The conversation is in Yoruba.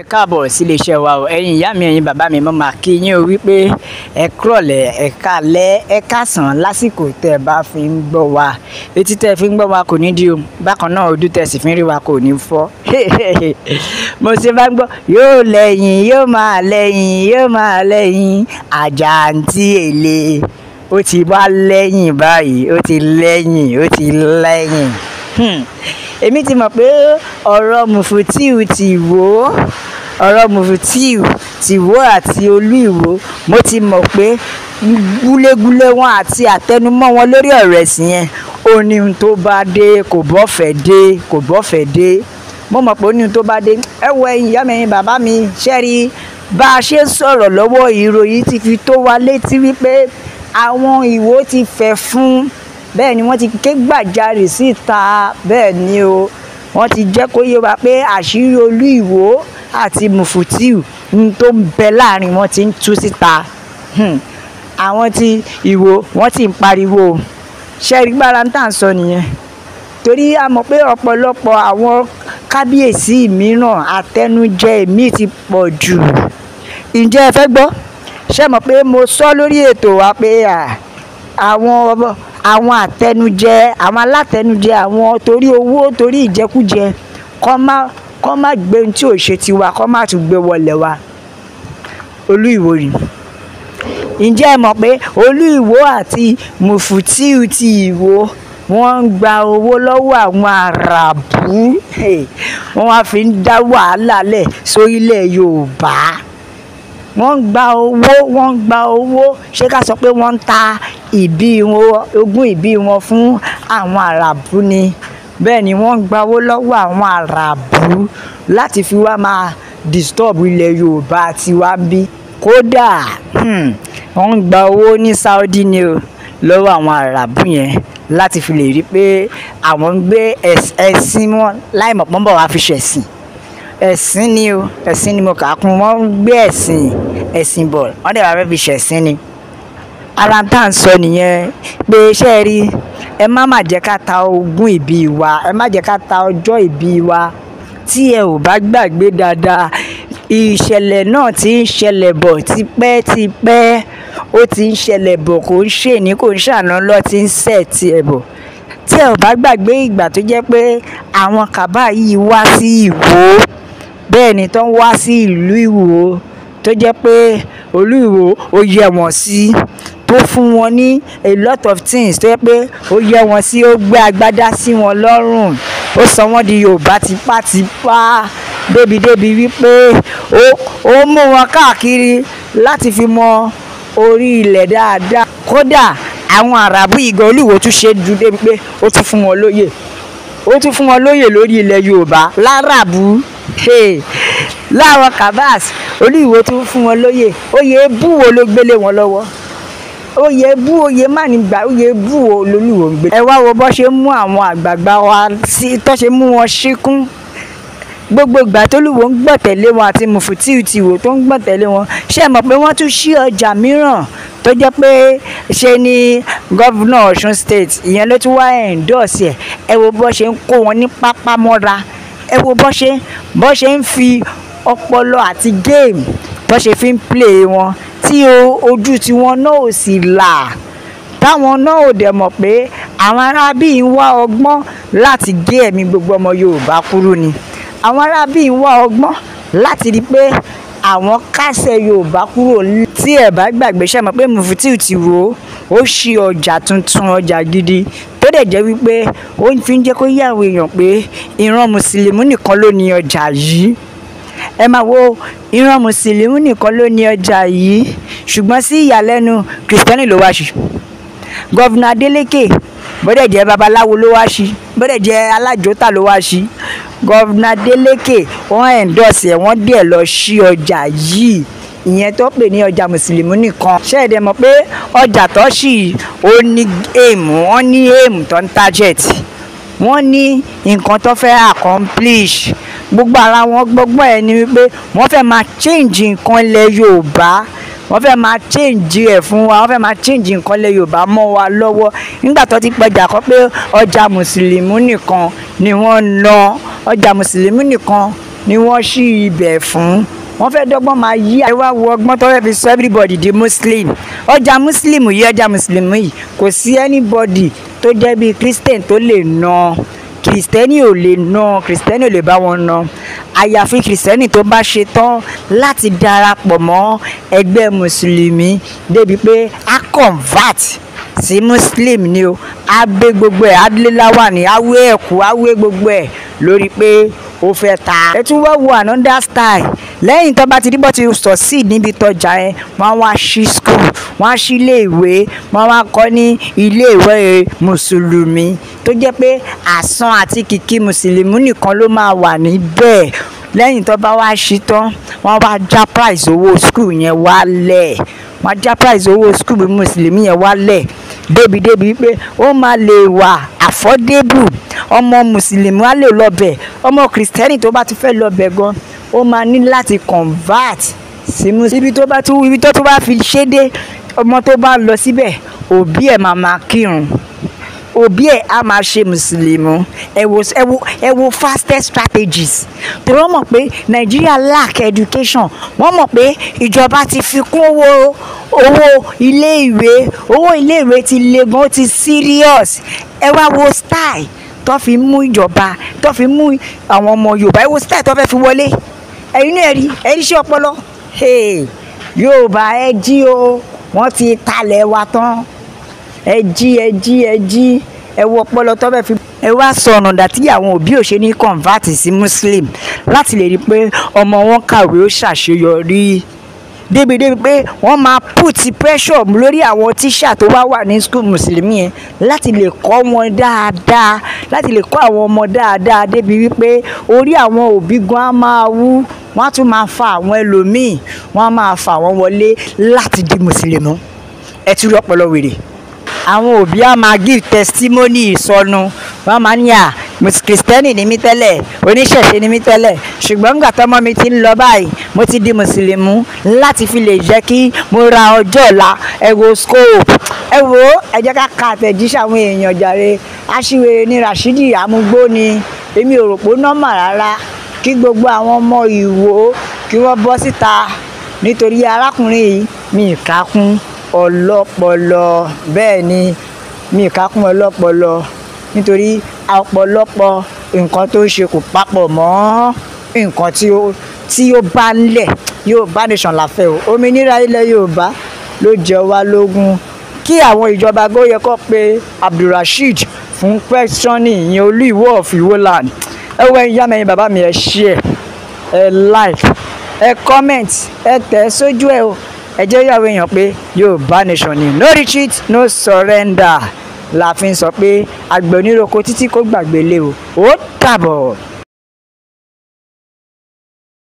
ẹ káàbọ̀ sílé iṣẹ́ wa o ẹ̀yin ìyá mi ẹ̀yin bàbá mi mo máa kí yín o wípé ẹ kúrọ̀lẹ́ ẹ kálẹ́ ẹ kásán lásìkò tẹ́ ẹ bá fi ń gbọ́ wa etí tẹ́ ẹ fi ń gbọ́ wa kò ní di o bákan náà ojú tẹ́ ẹ sì fi ń rí wa kò ní fọ́ mo ṣe bá ń gbọ́ yóò lẹ́yìn yóò máa lẹ́yìn yóò máa lẹ́yìn àjàǹtí èlé ó ti wá lẹ́yìn báyìí ó ti lẹ́yìn ó ti lẹ́yìn. Hmm èmi ti mọ̀ pé ọ̀rọ̀ mùfútíù ti Ìwó ọ̀rọ̀ mùfútíù ti Ìwó àti Olú Ìwó mo ti mọ̀ pé gúlégúlé wọn àti àtẹnumọ́ wọn lórí ọ̀rọ̀ ẹ̀sìn yẹn ó ní ohun tó bá dé kò bọ́fẹ̀ dé kò bọ́fẹ̀ dé mo mọ̀ pé ó ní ohun tó bá dé ẹ wọ ẹ̀yin ìyá mi ẹ̀yin bàbá mi ṣẹ́rí bá a ṣe ń sọ̀rọ̀ lọ́wọ́ ìròyìn ti fi tó wa létí wípé àwọn Ìwó ti fẹ́ fún bẹ́ẹ̀ ni wọ́n ti ké gbàjarè síta bẹ́ẹ̀ ni o wọ́n ti jẹ́ kó yé wa pé àṣírí olú ìwò àti mùfùtíù ní tó ń bẹ láàrin wọn ti ń tú síta hmm. àwọn ti ìwò wọ́n ti ń pariwo ṣẹ́ẹ̀rí gbára ń tà ń sọ nìyẹn torí a mọ̀ pé ọ̀pọ̀lọpọ̀ àwọn kábíyèsí mìíràn àtẹnujẹ mi ti pọ̀ jù ǹjẹ́ ẹ fẹ́ gbọ́ ṣé mọ̀ pé mo sọ lórí ètò wa pé àwọn àwọn àtẹnujẹ àwọn alátẹnujẹ àwọn torí owó torí ìjẹkújẹ kọ́ má kọ́ má gbé ohun tí ò ṣe tiwa kọ́ má tún gbé wọlé wa olú ìwò rèé ǹjẹ́ ẹ mọ̀ pé olú ìwò àti mùfùtíù ti ìwò wọ́n ń gba owó lọ́wọ́ àwọn àràbù wọ́n wá fi ń dá wàhálà lẹ̀ sórílẹ̀ yorùbá wọ́n ń gba owó wọ́n ń gba owó ṣé ká sọ pé wọ́n ń ta ìbí wọn ogún ìbí wọn fún àwọn àràbù ni bẹ́ẹ̀ ni wọ́n ń gbawó lọ́wọ́ àwọn àràbù láti fi wá máa disturb ilẹ̀ yorùbá tiwa bí kódà hmm, wọ́n ń gba owó ní saudi ni o lọ́wọ́ àwọn àràbù yẹn láti fi lè rí pé àwọn ń gbé ẹ̀sìn wọn láì mọ̀ pọ́nbọ̀ wá fi ṣẹ̀sìn ẹ̀sìn ni o ẹ̀sìn ni mo kà á kún wọ́n ń gbé ẹ̀sìn ẹ̀sìn bọ̀ wọ́n dẹ̀ wá fẹ́ fi ṣẹ̀sìn ni ara ń tà ń sọ nìyẹn pé ṣé ẹ rí ẹ má má jẹ́ ká ta ogún ìbí wa ẹ má jẹ́ ká ta ọjọ́ ìbí wa tí ẹ ò bá gbàgbé dáadáa ìṣẹ̀lẹ̀ náà ti ń ṣẹlẹ̀ bọ̀ tipẹ́tipẹ́ ó ti ń ṣẹlẹ̀ bọ̀ kò ń ṣe ní kò ń ṣàná lọ ti ń sẹ̀ tiẹ̀ bọ̀ tí ẹ ò bá gbàgbé ìgbà tó jẹ́ pé àwọn kàbá yìí wá sí ìwò bẹ́ẹ̀ ni tó wá sí ìlú ìwò tó jẹ́ pé olú ìwò ó yẹ wọ́n sí tó fún wọn ní a lot of things tó yẹ pé ó yẹ wọn sí ó gbé agbádá sí wọn lọ́rùn ó sọ wọ́n di Yorùbá tipátipá débìdébì wípé ó ó mú wọn káàkiri láti fi mọ orí ilẹ̀ dáadáa kódà àwọn àràbù ìgò olúwo tún ṣe ju débi pé ó tún fún wọn lóyè ó tún fún wọn lóyè lórí ilẹ̀ Yorùbá láràbù láwọn kabas olúwo tún fún wọn lóyè oyè ebú wo ló gbélé wọn lọ́wọ́ oyè bú oyè má ní gbà oyè bú o lolúwo ń gbé. ẹ wá wo bó ṣe mú àwọn àgbààgbà wa sí tó ṣe mú wọn ṣíkún gbogbo ìgbà tólúwo ń gbọ̀tẹ̀lé wọn àti mùfútì tìwò tó ń gbọ̀tẹ̀lé wọn ṣé ẹ mọ̀ pé wọ́n tún ṣí ọjà mìíràn tó jẹ́ pé ṣe ni gọ́vùnà Ọ̀ṣun state ìyẹn ló tún wá ẹ̀ńdọ́ọ̀sì ẹ̀ ẹ wo bó ṣe ń kó wọn ní pápá mọ́ra ẹ wo bó ṣe bó ṣe ń fi ọpọlọ àti géèmù bó ṣe fi ń play wọn tí ojú tiwọn náà ò sì là táwọn náà ò dẹ̀ mọ̀ pé àwọn arábí ń wá ọgbọ́n láti gé ẹ̀mí gbogbo ọmọ Yorùbá kúrú ni àwọn arábí ń wá ọgbọ́n láti rí i pé àwọn kásẹ̀ Yorùbá kúrò tí ẹ̀ bá gbàgbé ṣe mọ̀ pé Muftiu ti wò ó ó ṣí ọjà tuntun ọjà gidi tó dẹ̀ jẹ́ wípé ó fi ń jẹ́ kó yàwó èèyàn pé ìran mùsùlùmí nìkan ló ní ọjà yìí ẹ máa wo ìran mùsùlùmí nìkan ló ní ọjà yìí ṣùgbọ́n sí ìyàlẹ́nu kìrìsìtẹ́nì ló wá sí gọ́vùnà Adeleke bọ́dẹ̀ jẹ́ babaláwo ló wá sí bọ́dẹ̀ jẹ́ alájòóta ló wá sí gọ́vùnà Adeleke wọ́n ẹ̀ńdọ̀sì ẹ̀ wọ́n dẹ̀ lọ sí ọjà yìí ìyẹn tó pè ní ọjà mùsùlùmí nìkan ṣẹ́ẹ̀dẹ̀ mọ̀ pé ọjà tó ṣì ó ní èèmù wọ́n ní èèmù tó ń target wọ́n ní nǹkan tó fẹ́ accomplish gbogbo ara wọn gbọ́gbọ́n ẹ̀ ni wípé wọ́n fẹ́ máa change nǹkan ilẹ̀ Yorùbá wọ́n fẹ́ máa change ẹ̀ fún wa wọ́n fẹ́ máa change nǹkan ilẹ̀ Yorùbá mọ́ wa lọ́wọ́ nígbà tó ti pẹja kọ́ pé ọjà mùsùlùmí nìkan ni wọ́n ná ọjà mùsùlùmí nìkan ni wọ́n ṣí ibẹ̀ fún wọ́n fẹ́ dọ́gbọ́n máa yí àríwá wo ọgbọ́n tó fẹ́ fi sọ everybody di muslim ọjà muslim yìí ọjà mùsùlùmí yìí kò sí anybody tó jẹ́ bíi christian tó lè ná. No kìrìsìtẹ́nì ò lè na kìrìsìtẹ́nì ò lè bá wọn na àyàfi kìrìsìtẹ́nì tó bá ṣe tán láti darapọ̀ mọ́ ẹgbẹ́ mùsùlùmí débi pé a convert sí muslim ni o a gbé gbogbo ẹ̀ adúléláwà ni a wé ẹ̀kú a wé gbogbo ẹ̀ lórí pé ó fẹ́ ta. ẹ tún wá wo another style lẹ́yìn tó bá ti díbọ̀ ti succeed níbi tọjà yẹn wọ́n wá sí school wọ́n á sí iléèwé wọ́n wá kọ́ ní iléèwé mùsùlùmí tó jẹ́ pé àsan àti kìkì mùsùlùmí nìkan ló máa wà níbẹ̀ lẹ́yìn tó bá wá sí tán wọ́n wá já price owó school yẹn wálẹ̀ wọ́n já price owó school mùsùlùmí yẹn wálẹ̀ débìdébì pé ó máa lè wà affordable ọmọ mùsùlùmí á lè lọ bẹ̀ ọmọ kìrìsìtẹ́nì tó bá ti fẹ́ lọ bẹ̀ gan-an ó máa ní láti convert sí muslim ibi tó bá tún ibi tó tún bá fi ṣe dé ọmọ tó bá lọ síbẹ̀ òbí ẹ̀ máa máa kírun òbí ẹ̀ á máa ṣe mùsùlùmù ẹ wo ẹ wo ẹ wo fastest strategies tí wọ́n mọ̀ pé Nigeria lack education wọ́n mọ̀ pé ìjọba ti fi kún owó owó iléèwé owó iléèwé ti le gan ó ti serious ẹ wá wo style tó fi mú ìjọba tó fi mú àwọn ọmọ Yorùbá ẹ wo style tó fẹ́ fi wọlé ẹ̀yin náà rí ẹ̀rí sí ọpọlọ Yorùbá ẹ jí o wọ́n ti talẹ̀ wa tán ẹ jí ẹ jí ẹ jí ẹ wo ọpọlọ tó bẹ́ẹ̀ fi. ẹ wá sọ ọ̀nà dàtí àwọn òbí ò ṣe ní convert sí Muslim láti lè rí i pé ọmọ wọn kàwé ó ṣàṣeyọrí débi débi pé wọ́n máa put pressure lórí àwọn tíṣà tó wá wà ní school mùsùlùmí yẹn láti lè kọ́ wọn dáadáa láti lè kọ́ àwọn ọmọ dáadáa débi wípé orí àwọn òbí gan á máa wú wọ́n á tún máa fa àwọn ẹlòmíì wọ́n á máa fa àwọn wọlé láti di mùsùlùmí ẹ tún rí ọpọlọ wèrè àwọn òbí á máa give testimony ìsọnu wọ́n máa ní à kristẹni ni mí tẹ́lẹ̀ oníṣẹ̀ṣe ni mí tẹ́lẹ̀ ṣùgbọ́n nígbà tọ́mọ mi ti ń lọ báyìí mo ti di mùsùlùmí láti fi lè jẹ́ kí mo ra ọjọ́ ọ̀la ẹ wo scope ẹ wo ẹ jẹ́ ká ka àtẹ̀jíṣẹ́ àwọn èèyàn jàre aṣíwèrè ni Rashidi amúgbó ni èmi ò rò pé nọ́mà rárá kí gbogbo àwọn ọmọ Ìwó kí wọ́n bọ́ síta nítorí arákùnrin yìí mi kà kún ọlọ́pọlọ bẹ́ẹ̀ ni mi kà kún ọlọ́pọlọ nítorí ọ̀pọ̀lọpọ̀ nǹkan tó ń ṣe kò papọ̀ mọ́ nǹkan tí ó tí ó bá ń lẹ̀ Yorùbá nation láfẹ́ o òmìnira ilẹ̀ Yorùbá ló jẹ wá lógún kí àwọn ìjọba gbóyè kó pe Abdulrasheed fún kwẹsítíọ́nì ìyẹn olú ìwọ of Ìwó ẹwọ ẹyá mẹyìn Baba mi ẹ share ẹ like ẹ comment ẹ tẹ̀ sójú ẹ o ẹ jẹ́ yàwó èèyàn pé Yorùbá nation ni no retreat no surrender la fi ń sọ pé àgbẹ̀ oníroko títí kó gbàgbé lé o ó dàbọ̀.